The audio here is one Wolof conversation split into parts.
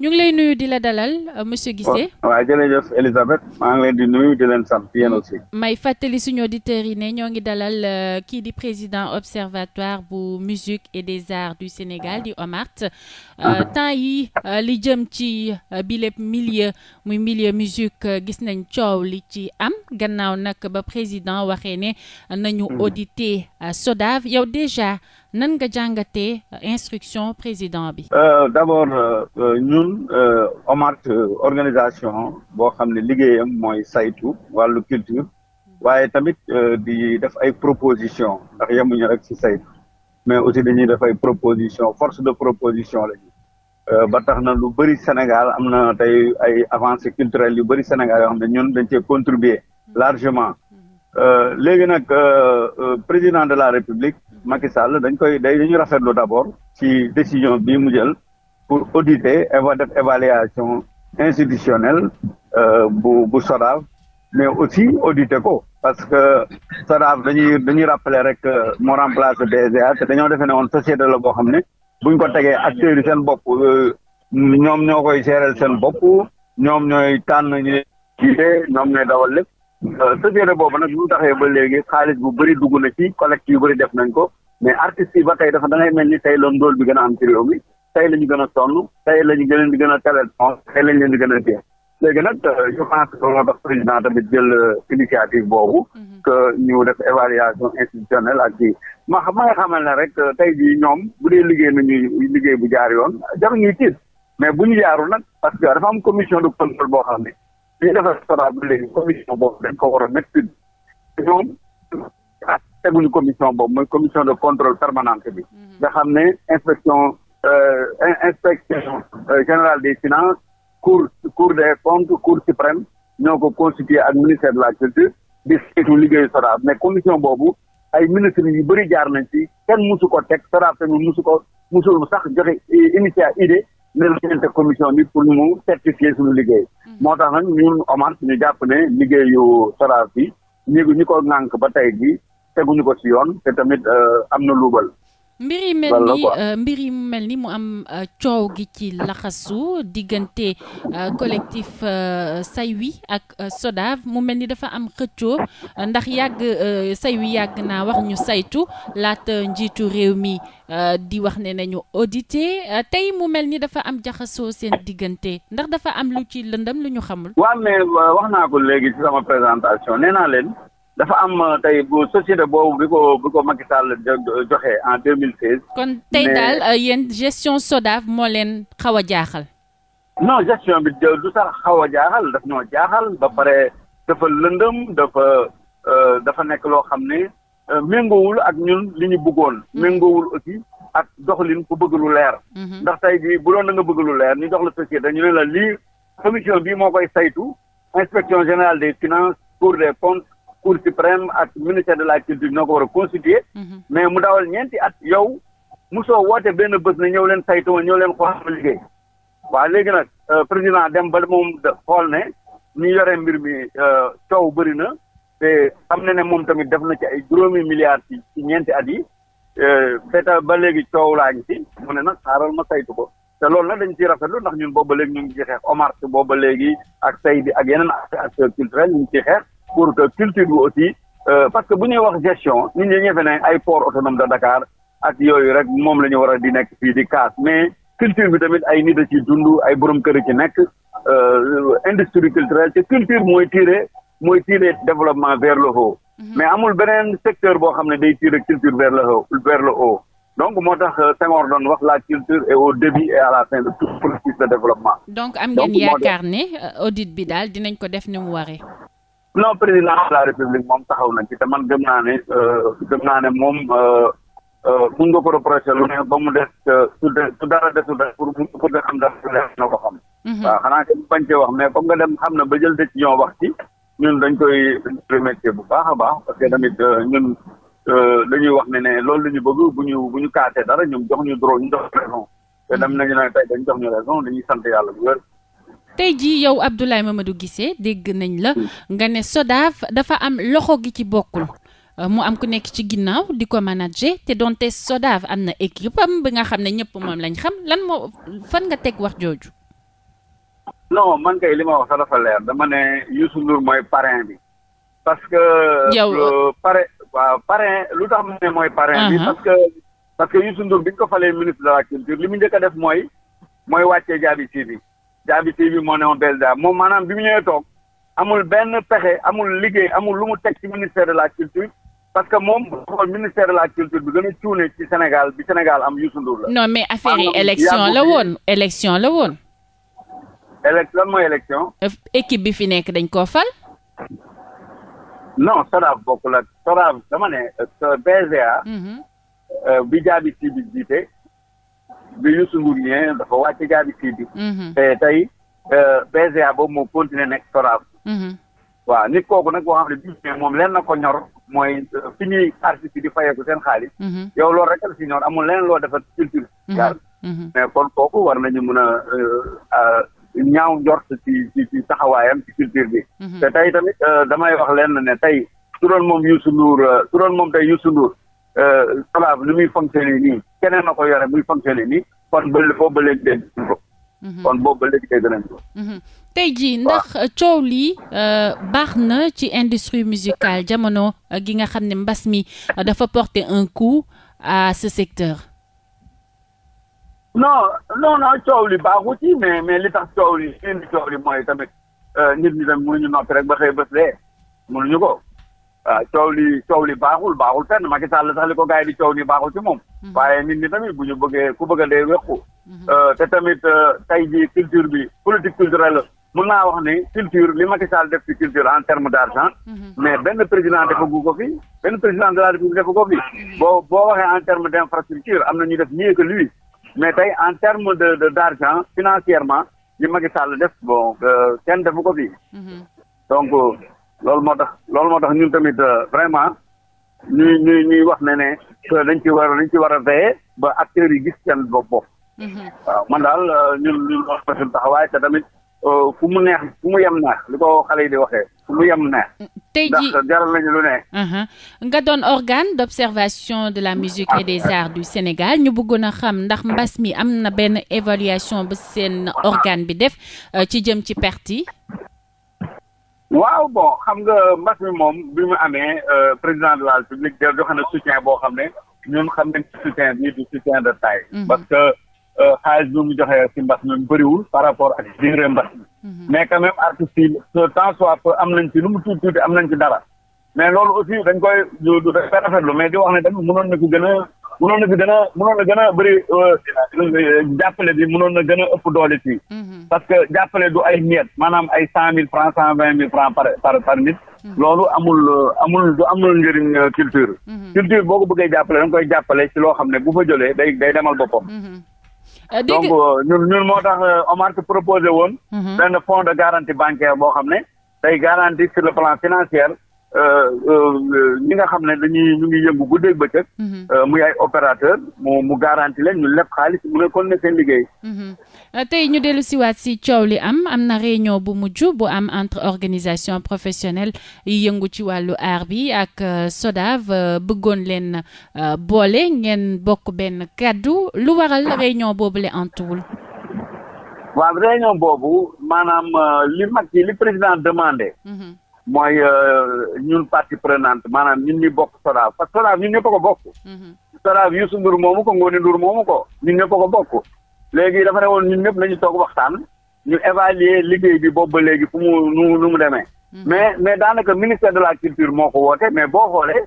ñu ngi lay nuyu di la dalal euh, monsieur Guissé. Oh, waaw jërëjëf Elisabeth fàttali suñu auditeurs yi ne ñoo ngi dalal euh, kii di président observatoire bu musique et des arts du Sénégal di OMART. Euh, mhm. temps yi li jëm ci bi millieur milieu muy milieu musique gis nañ coow li ci am gannaaw nag ba président waxee ne nañu mhm. auditer SODAV yow déjà. nan nga jàngatee euh, instruction président bi. Euh, d' abord euh, ñun OMART organisation boo xam ne liggéeyam mooy saytu wàllu culture waaye tamit di def ay proposition ndax yemuñu rek ci saytu mais aussi dañuy def ay proposition force de proposition la ba tax na lu bëri Sénégal am na tey ay avancées culturelles yu bëri Sénégal yoo xam ne ñun dañu cee contribuer largement léegi nag président de la République. Macky Sall dañ koy day dañu rafetlu d'abord ci décision bi mu jël pour auditer eva def évaluation institutionnelle euh, bu bu SODAV mais aussi auditer ko parce que SODAV dañuy dañuy rappeler rek moo remplacé DGA te dañoo defee ne woon société la boo xam ne buñ ko tegee acteurs yi seen bopp euh, ñoom ñoo koy gérer seen bopp ñoom ñooy tànn ñu jiite ñoom ñooy dawal lépp euh, société boobu nag bu taxee ba léegi xaalis bu bëri dugg na ci collecte yu bëri def nañ ko mais artistes yi ba tey dafa da mel ni tey loolu ndóol bi gën a am ci réew mi la ñu gën a sonn tey la ñu gën gën a teel tey lañ gën a téye léegi nag euh, je pense que moo tax président tamit jël euh, initiative boobu mhm. que ñu def évaluation institutionnelle ak ci ma ma nga xamal ne rek euh, tey jii ñoom bu dee liggéey nañu liggéey bu jaar yoon jaru ngi tiit mais bu ñu jaarul nag parce que dafa am commission de contrôle boo xam ne ñu defal sora bu léegi commission boobu dañ ko war a mettre teguñu commission boobu mooy commission de contrôle permanente bi mhm. nga xam ne inspection euh, inspection euh, générale des finances cour cour des comptes cour suprême ñoo ko constitué ak ministère de la culture di saytu liggéeyu SODAV mais commission boobu ay ministres yu bëri jaar nañ ci kenn musu ko teg SODAV tamit musu ko musul sax joxe euh, initié idée ne leen teg commission bi pour mu certifier suñu liggéey mhm. moo tax nag ñun OMAS ñu jàpp ne liggéeyu SODAV bi ñu ko ŋànk ba tey bi teguñu ko ci yoon te tamit euh, am na luubal. mbir yi mel euh, mbir yi mel ni mu am euh, coow gi ci laxasu diggante collectif say wi ak SODAV mu mel ni dafa am xëccoo ndax yàgg Saywi yàgg naa wax ñu saytu laata njiitu réew mi di wax ne nañu audité tey mu mel ni dafa am jaxasoo seen diggante ndax dafa am lu ci lëndëm lu ñu xamul. waaw mais wax naa ko léegi ci sama présentation nee leen. dafa am euh, tey bu société boobu bi ko bi ko Macky Sall joxe en 2016. kon tey daal euh, yéen gestion SODAV moo leen xaw a jaaxal. non gestion bi du sax xaw a jaaxal daf ñoo jaaxal ba pare dafa lëndëm dafa euh, dafa nekk loo xam ne méngoowul ak ñun li ñu bëggoon. Mm-hmm. méngoowul aussi ak doxalin ku bëgg lu leer. Mm-hmm. ndax tey bu doon da bëgg lu leer ñu jox la société ñu ne la lii commission bi moo koy saytu inspection générale des finances cour des comptes. cour suprême ak ministère de la culture ñoo ko war a constituer mhm. mais mu dawal ñeenti at yow mu musoo woote benn bët na ñëw leen saytu ma ñëw leen xool liggéey waaw léegi nag euh, président dem ba moom xool ne ñu yore mbir mi euh, coow bëri na te xam na ne moom tamit def na ci ay juróomi milliards ci ñeenti at yi euh, feta ba léegi coow laa ngi ci mu ne nag xaaral ma saytu ko te loolu nag dañ ciy rafetlu ndax ñu booba léegi ñu ngi ciy xeex Omar booba léegi ak Seydi ak yeneen acteurs culturels ñu ngi ciy xeex pour que culture bi aussi euh, parce que bu ñuy wax gestion nit ñi ñefe ne ay port autonome de Dakar ak yooyu rek moom la ñu war a di nekk fii di kaas mais culture bi tamit ay nit a ci dund ay borom kër ci nekk euh, industrie culturelle te culture mooy tirer mooy tirer développement vers le haut mhm. mais amul beneen secteur boo xam ne day tirer culture vers le haut vers le haut donc moo tax euh, Senghor doon wax la culture est au début et à la fin de tout processus de développement. donc non président de la république moom taxaw nañ ci te man gëm naa ne euh, gëm naa ne moom euh, euh, mun nga ko reproché lu ne ba mu des su dee su dara desul rek pour pour nga xam dara leer na ko xam. Mhm. waaw xanaa kenn bañ cee wax mais comme nga dem xam na ba jël décision wax ci ñun dañ koy remercier bu baax a baax parce que tamit ñun dañuy wax ne ne loolu la ñu bëgg bu ñu bu ñu kaatee dara ñoom jox ñu droit ñu jox raison mhm. te dem nañu ne tey dañ jox ñu raison dañuy sant yàlla bu wér. tey jii yow ma Mamadou gisee dégg nañ la nga ne SODAV dafa am loxo gi ci bokkul euh, mu am ku nekk ci ginnaaw di ko manager te donte SODAV am na équipe am bi nga xam ne ñëpp moom lañ xam lan moo fan nga teg wax jooju. non man kay li ma wax sax dafa leer dama ne Youssou Ndour mooy parrain bi. parce que. yow euh, parrain waaw parrain lu tax ma ne mooy. parrain bi uh-huh. parce que parce que bi ñu ko falee ministre de culture li mu njëkk a def mooy mooy wàccee jaabi si bi. jaabi tv moo ne woon président moom maanaam bi mu ñëwee toog amul benn pexe amul liggéey amul lu mu teg ci ministère de la culture parce que moom ministère de la culture bi gën a cuune ci Sénégal bi Sénégal am Youssou Ndour la. non mais affaire yi élection la woon élection la woon. élec lan mooy élection. équipe bi fi nekk dañ koo fal. non SODAV bokkul ak SODAV dama ne BGA. Euh, mhm. euh, bi jaabi ci bi jiite. bi Youssou Ndour ñëwee dafa wàcc jaabi sii bi mhm. te tey euh, BGA boobu moo continué nekk Sodav mhm. waaw nit kooku nag boo xam ne bii moom leen na ko ñor mooy euh, fi ñuy artiste yi di fayeeku seen xaalis mhm. yow loolu rek la si ñor amul leneen loo defar culture gaar mais kon kooku war a euh, ñaaw njort ci ci culture bi te tey tamit damay wax leen ne tey su doon moom Youssou Ndour su doon moom tey Youssou Ndour Sodav ni muy fonctionné nii keneen na ko yore muy fonctionné nii kon ba foofu ba léegi dégg nañ ko. Mhm. kon boobu ba léegi dégg nañ ko. Mhm. tey jii ndax coow lii euh, baax na ci industrie musicale jamono euh, gi nga xam ne mbas mi euh, dafa porter un coup à ce secteur. non non non coow li baaxu ci mais mais li tax coow li indi coow li mooy tamit nit ñi tamit mënuñu noppi rek ba xëy bés dee mënuñu ko waaw coow li coow li baaxul baaxul fenn Macky Sall sax li ko gars yi di coow ni baaxul ci moom. waaye nit ñi tamit bu ñu bëggee ku bëgg a dee wéqu. te tamit tey jii culture bi politique culturelle mun naa wax ni culture li Macky Sall def si culture en terme d' mais benn président defagu ko fi benn président de la République defagu ko fi boo boo waxee en terme d' infrastructure am na ñu def mieux que lui mais tey en terme de de d' argent financièrement li Macky Sall def bon kenn defu ko fi donc. loolu moo tax loolu moo tax ñun tamit euh, vraiment ñuy ñuy ñuy wax ne ne dañ ci war dañ ci war a veiller ba acteurs yi gis seen bopp bopp. Mm-hmm. waaw man daal euh, ñun ñun wax na te tamit euh, fu mu neex fu mu yem neex li ko xale yi di waxee fu mu yem neex. Mm, tey jii ndax jaral nañu lu ne. Mm-hmm. nga doon organe d'observation de la musique et des arts du Sénégal ñu bëggoon a xam ndax mbas mi am na benn évaluation ba seen organe bi def ci jëm ci perte yi. waaw bon xam nga mbas mi moom bi mu amee euh, président de la république de joxe na soutien boo xam ne ñun xam nañ soutien bi du soutien de taille. Mhm. parce que euh, xaalis bi mu joxe ci mbas mi bëriwul par rapport ak durée mbas mi. Mhm. mais quand même artistes yi ce temps soit peu am nañ ci lu mu tuuti tuuti am nañ ci dara mais loolu aussi dañ koy du du rafetlu mais di wax ne tamit mënoon na ko gën a. mënoon na fi gën a mënoon bëri euh, jàppale bi mënoon na gën a ëpp doole fii. Mhm. parce que jàppale du ay miettes maanaam ay cent mille franc cent vingt mille franc par par par nit. Mhm. loolu amul euh, amul du amul njëriñ euh, culture. Mhm. culture boo ko bëggee jàppale da nga koy jàppale si loo xam ne bu fa jëlee day day demal boppam. donc ñun ñun moo tax Omar ki proposé woon. benn fonds de garantie bancaire boo xam ne day garantie sur le plan financier. Euh, euh, ñi nga xam ne dañuy ñu ngi yëngu guddeeg bëccëg. Mhm. Euh, muy ay opérateur mu mu garanti leen ñu leb xaalis mu ne kon ne seen liggéey. Mhm. tey ñu dellu siwaat si coow li am am na réunion bu mujj bu am entre organisation professionnel yi yëngu ci wàllu aar bi ak SODAV bëggoon leen boole ngeen bokk benn kàddu lu waral réunion boobu la antuwul. waaw réunion boobu maanaam li mag yi li président demandé. Mhm. mooy euh, ñun partie prenante maanaam ñun ñi bokk SODAV parce que SODAV ñun ñëpp ko bokk. Mhm. SODAV Youssou Ndour moomu ko Ngoni Ndour moomu ko ñun ñëpp ko bokk. léegi dafa ne woon ñun ñëpp nañu toog waxtaan ñu évaluer liggéey bi boobu ba léegi fu mu nu nu mu demee. Mhm. mais mais daanaka ministère de la culture moo ko woote mais boo xoolee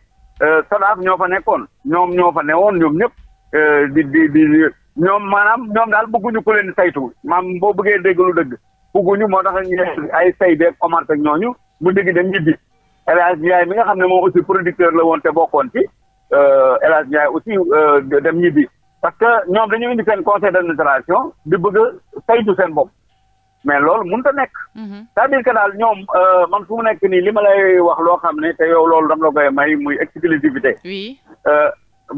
euh, SODAV ñoo fa nekkoon ñoom ñoo fa woon ñoom ñëpp euh, di di di ñoom maanaam ñoom daal bëgguñu ku leen saytu maam boo bëggee dégg lu dëgg bëgguñu moo tax ay say beeg Omar ak mu dégg dem ñibbi El Hadj mi nga xam ne moom aussi producteur la woon te bokkoon ci euh, El Hadj Ndiaye aussi euh, dem ñibbi parce que ñoom dañu indi seen conseil d'administration di bëgg a saytu seen bopp mais loolu mun a nekk. Mhm. c'est-à-dire que daal ñoom euh, man fu mu nekk nii li ma lay wax loo xam ne te yow loolu dama la koy may muy exclusivité. oui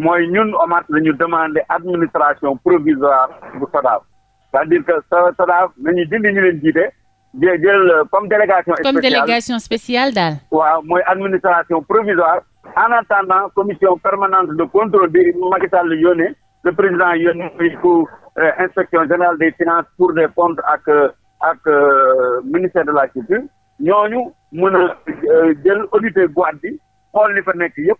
mooy ñun OMART lañu demander administration provisoire bu SODAV c'est-à-dire que so SODAV nañu dindi ñu leen jiite. jël euh, comme délégation. spéciale comme délégation spéciale daal. waaw mooy administration provisoire. en attendant commission permanente de contrôle bi Macky Sall yónnee le président yónnee pour euh, inspection générale des finance pour des comptes ak euh, ak ministère de la culture ñooñu mun a jël auditer boîte bi xool li fa nekk yëpp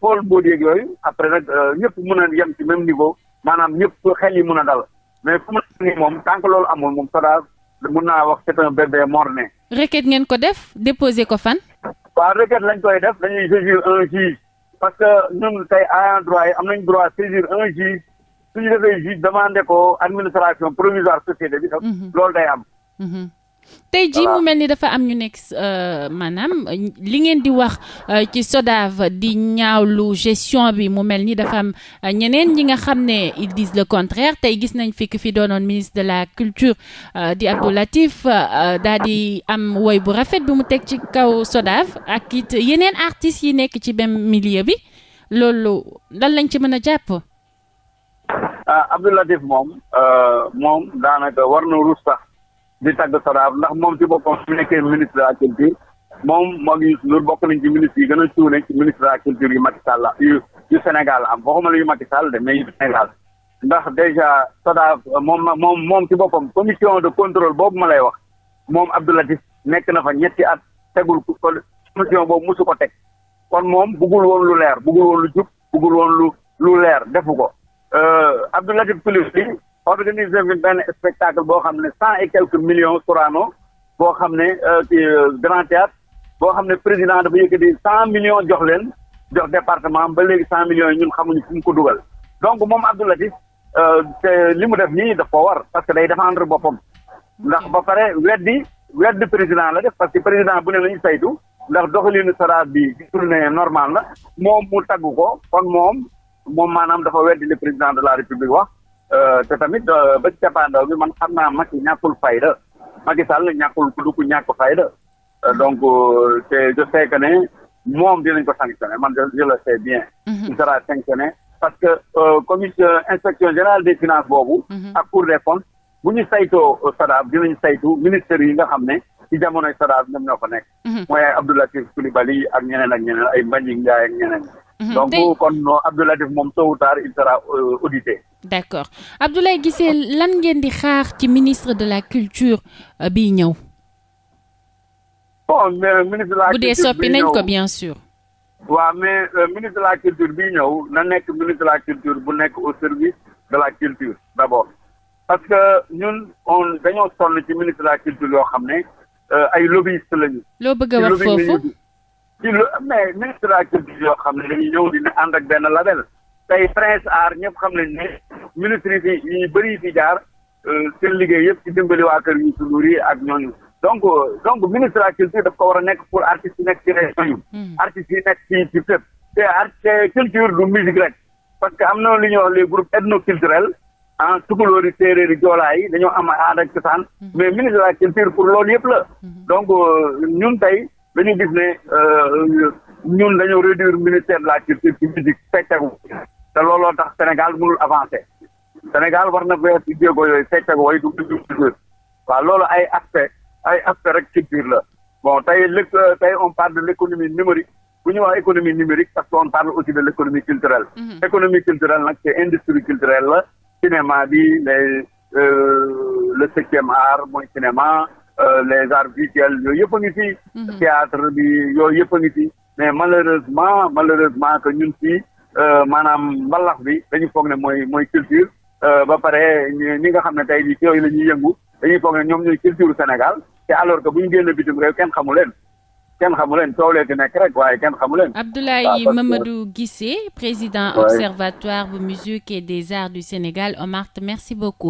xool boo déeg yooyu après nag ñëpp mun a yem ci même niveau maanaam ñëpp xel yi mun a dal mais fu mu ne nii moom tant loolu amul moom Sodaar mun naa wax c'est un bébé mort-né. requête ko def déposer ko fan. waaw requête lañ koy def dañuy saisir un juge parce que ñun tey ayant droit yi am nañ droit saisir un juge suñu defee juge demandé ko administration provisoire société bi. Mhm. loolu day am. Mhm. tey jii mu mel ni dafa am ñu nekk euh, maanaam li ngeen di wax euh, ci SODAV di ñaaw lu gestion bi mu mel ni dafa am euh, ñeneen ñi nga xam ne ils disent le contraire tey gis nañ fi ki fi doonoon ministre de la culture di Abdou Latif daal di am woy bu rafet bi mu teg ci kaw SODAV ak it yeneen artistes yi nekk ci même millier bi loolu lan lañ ci mën a jàpp. ah Latif moom moom daanaka war na ruus sax. di tagg Sodaaf ndax moom ci boppam su nekkee ministre de culture moom moo ngi bokk nañ ci ministre yi gën a suune ci ministre de la culture yu Macky Sall yu yu Sénégal am waxuma la yu Macky Sall de mais yu Sénégal ndax dèjà Sodaaf moom moom moom si boppam commission de contrôle boobu ma lay wax moom Abdou Latif nekk na fa ñetti at tegul ko commission boobu mosu ko teg kon moom bëggul woon lu leer bëggul woon lu jub bëggul woon lu lu leer defu ko euh, Abdou Latif Coulibaly organiser fi benn spectacle boo xam ne cent et quelques millions Sorano boo xam ne euh, ci euh, grand théâtre boo xam ne président dafa yëkkati cent millions jox leen jox departement ba léegi cent millions yi ñun xamuñu fu mu ko dugal donc moom Abdou Latif euh, te li mu def nii daf ko war parce que day défendre boppam ndax ba pare weddi weddi président la def parce que président bu ne lañu saytu ndax doxalinu Sodav bi gisul ne normal la moom mu taggu ko kon moom moom maanaam dafa weddi le président de la république wax te tamit ba ci cappaandaw bi man xam naa Macky ñàkkul fayda Macky Sall ñàkkul du ko ñàkk fayda donc te je sais que ne moom dinañ ko sanctionné man je le sais bien. il sera sanctionné parce que commission inspection générale des finance boobu. ak cour des comptes bu ñu saytoo SODAV dinañ saytu ministères yi nga xam ne ci jamonoy SODAV ñoom ñoo ko nekk. Mm-hmm. mooy ay Abdou Latif Coulibaly ak ñeneen ak ñeneen ay Mbagnick Ndiaye ak ñeneen. Mm-hmm. donc kon Abdou Latif moom tôt ou tard il sera d' accord Abdoulaye Guissé lan ngeen di xaar ci ministre de la culture euh, bi ñëw. bon euh, ministre de la culture bu dee soppi mais euh, ministre la culture bi ñëw na nekk ministre de la culture bu nekk au service de la culture d' abord. parce que ñun dañoo sonn ci ministre de la culture yoo xam ne ay lobbyiste lañu. loo bëgg a wax foofu mais ministre de la culture yoo xam ne dañuy ñëw di ànd ak benn label. tey Prince Art ñëpp xam nañ ne. ministre yi fi yi bëri fi jaar euh, seen liggéey yëpp ci dimbali waa kër yu sunduur ak ñooñu donc euh, donc ministre de la culture daf ko war a nekk pour artistes nekk ci région yi hmm. artistes yi nekk ci ci fépp te arte culture du musique rek parce que am na li ñuy wax les groupes ethnoculturels ah tukulóor yi séeréer yi joolaa yi dañoo am aada ak cosaan hmm. mais ministre de la culture pour loolu yëpp la hmm. donc euh, ñun tey dañu gis ne ñun dañoo réduire ministère la culture ci musique feccagu te looloo tax Sénégal mënul avancer Sénégal war na weer ci jéego yooyu fecc waaw loolu ay aspect ay aspect rek ci biir la bon tey lëkk tey on parle de l' économie numérique bu ñu wax économie numérique parce que on parle aussi de l' économie culturelle. Mhm. économie culturelle nag c'est industrie culturelle la cinéma bi euh, le septième art mooy cinéma euh, les arts visuels yooyu yëpp a ngi fi. Mhm. théâtre bi yooyu yëpp a ngi fi mais malheureusement malheureusement que ñun fii euh, maanaam mbalax bi dañu foog ne mooy mooy culture. Euh, ba pare ñi nga xam ne tey jii ci yooyu la ñuy yëngu dañuy foog ne ñoom ñooy culture Sénégal te alors que bu ñu génn bitim réew kenn xamu leen kenn xamu leen coow lee fi nekk rek waaye kenn xamu leen. Abdoulaye Mamadou Guissé président observatoire bu musique et des arts du Sénégal Omart merci beaucoup.